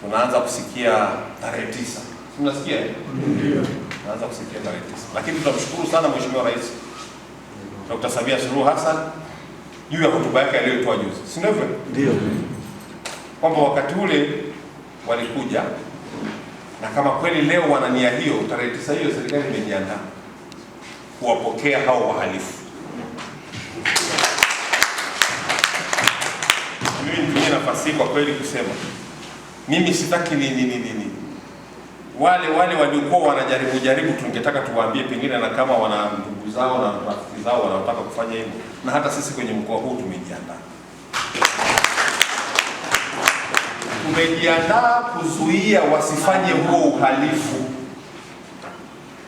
tunaanza kusikia tarehe tisa, mnasikia tunaanza kusikia tarehe tisa, lakini tunamshukuru sana Mheshimiwa Rais Dr. Samia Suluhu Hassan juu ya hotuba yake aliyoitoa juzi, si ndivyo? Ndio, kwamba wakati ule walikuja na kama kweli leo wana nia hiyo, tarehe tisa hiyo serikali imejiandaa kuwapokea hao wahalifu. Mimi nitumie nafasi hii kwa kweli kusema mimi sitaki nini nini nini, wale wale waliokuwa wanajaribu jaribu, tungetaka tuwaambie pengine, na kama wana ndugu zao na rafiki zao wanaotaka kufanya hivyo, na hata sisi kwenye mkoa huu tumejiandaa, tumejiandaa kuzuia wasifanye huo uhalifu,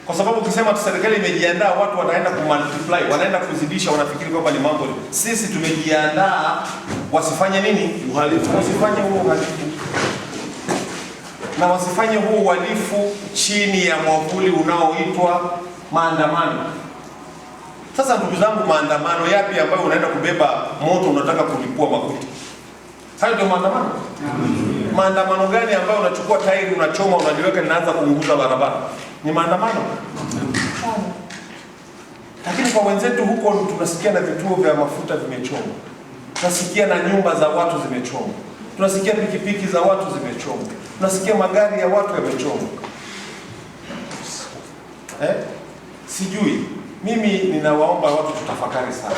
kwa sababu ukisema serikali imejiandaa, watu wanaenda kumultiply, wanaenda kuzidisha, wanafikiri kwamba ni mambo. Sisi tumejiandaa wasifanye nini? Uhalifu, wasifanye huo uhalifu na wasifanye huu uhalifu chini ya mwavuli unaoitwa maandamano. Sasa ndugu zangu, maandamano yapi ambayo unaenda kubeba moto, unataka kulipua makuti? Hayo ndio maandamano. Maandamano gani ambayo unachukua tairi unachoma, unaliweka, linaanza kuunguza barabara? Ni maandamano. Lakini kwa wenzetu huko tunasikia na vituo vya mafuta vimechoma tunasikia na nyumba za watu zimechoma tunasikia pikipiki za watu zimechoma nasikia magari ya watu yamechoma eh? Sijui mimi, ninawaomba watu tutafakari sana.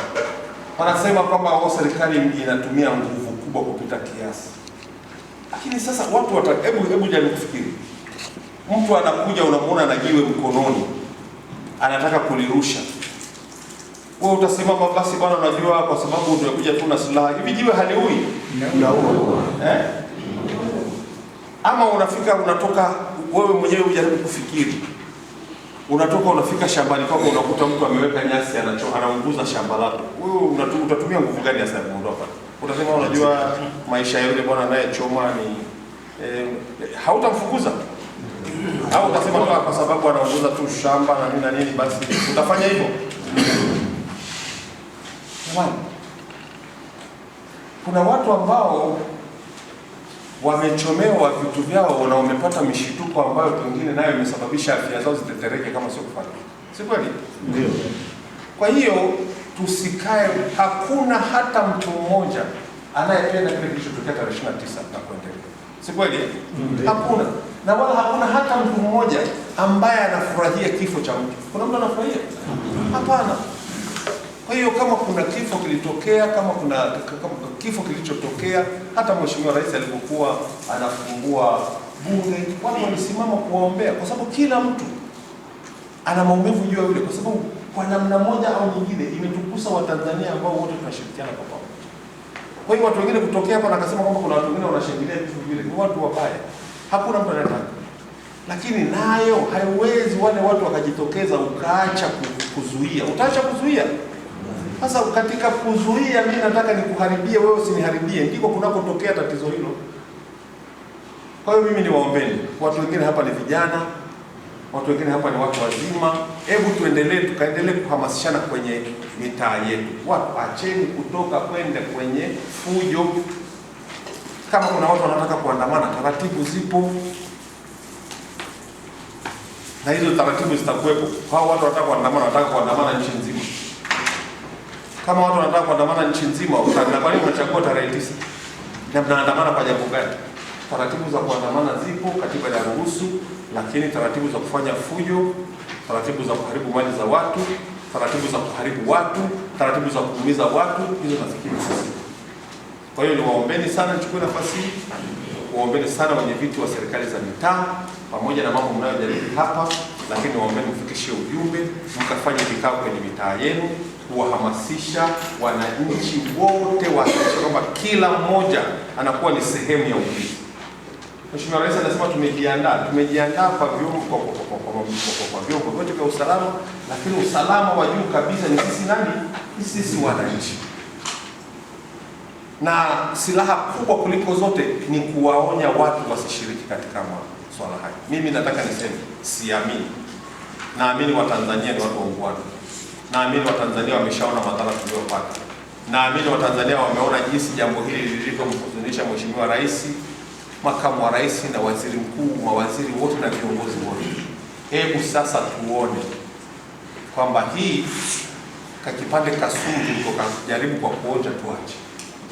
Wanasema kwamba wao serikali inatumia nguvu kubwa kupita kiasi, lakini sasa watu wata, hebu hebu jaribu kufikiri, mtu anakuja unamuona na jiwe mkononi anataka kulirusha wewe utasimama basi bwana, unajua kwa sababu umekuja tu na silaha hivi, jiwe haliui, eh ama unafika unatoka wewe mwenyewe ujaribu kufikiri, unatoka unafika shambani kwako unakuta mtu ameweka nyasi anaunguza shamba lako, wewe utatumia nguvu gani hasa kuondoa Utasema unajua maisha ya yule bwana anayechoma ni eh, hautamfukuza au utasema ah, kwa sababu anaunguza tu shamba na nini na nini, basi utafanya hivyo? Kuna watu ambao wamechomewa vitu vyao na wamepata mishituko ambayo pengine nayo imesababisha afya zao zitetereke kama sio kufanya. Si kweli? Ndio. Kwa hiyo tusikae, hakuna hata mtu mmoja anayependa kile kilichotokea tarehe 29 na kuendelea. Si kweli? Hakuna. Na wala hakuna hata mtu mmoja ambaye anafurahia kifo cha mtu. Kuna mtu anafurahia? Hapana. Kwa hiyo kama kuna kifo kilitokea, kama kuna kama kifo kilichotokea, hata mheshimiwa rais alipokuwa anafungua bunge, watu walisimama kuwaombea, kwa sababu kila mtu ana maumivu juu ya yule, kwa sababu kwa namna moja au nyingine imetukusa Watanzania ambao wote tunashirikiana kwa pamoja. Kwa hiyo watu wengine kutokea hapa nakasema kwamba kuna watu wengine wanashangilia vitu vile, ni watu wabaya, hakuna mtu anataka, lakini nayo haiwezi wale watu wakajitokeza ukaacha kuzuia, utaacha kuzuia sasa katika kuzuia, mimi nataka nikuharibie wewe, usiniharibie, ndiko kunakotokea tatizo hilo. Kwa hiyo mimi niwaombeni, watu wengine hapa ni vijana, watu wengine hapa ni watu wazima. Hebu tuendelee tukaendelee kuhamasishana kwenye mitaa yetu, watu acheni kutoka kwenda kwenye fujo. Kama kuna watu wanataka kuandamana, taratibu zipo na hizo taratibu zitakuwepo. Hao watu wanataka kuandamana, wanataka kuandamana nchi nzima. Kama watu wanataka kuandamana nchi nzima, kwa nini unachagua tarehe tisa? Na mnaandamana kwa jambo gani? Taratibu za kuandamana zipo, katiba ya ruhusu, lakini taratibu za kufanya fujo, taratibu za kuharibu mali za watu, taratibu za kuharibu watu, taratibu za kuumiza watu, hizo nafikiri sisi. Kwa hiyo niwaombeni sana, nichukue nafasi hii waombeni sana wenye viti wa serikali za mitaa, pamoja na mambo mnayojadili hapa, lakini waombeni mfikishie ujumbe, mkafanye vikao kwenye mitaa yenu kuwahamasisha wananchi wote wahakikisha kwamba kila mmoja anakuwa ni sehemu ya ulinzi. Mheshimiwa Rais anasema tumejiandaa, tumejiandaa kwa vyombo vyote vya usalama, lakini usalama wa juu kabisa ni sisi nani? Ni sisi wananchi, na silaha kubwa kuliko zote ni kuwaonya watu wasishiriki katika maswala haya. Mimi nataka niseme, siamini, naamini Watanzania ni watu waungwana naamini Watanzania wameshaona madhara tuliyopata. Naamini Watanzania wameona jinsi jambo hili lilivyomhuzunisha Mheshimiwa Rais, makamu wa rais na waziri mkuu, mawaziri wote na viongozi wote. Hebu sasa tuone kwamba hii kakipande kasuri tuko jaribu kwa kuonja tuache.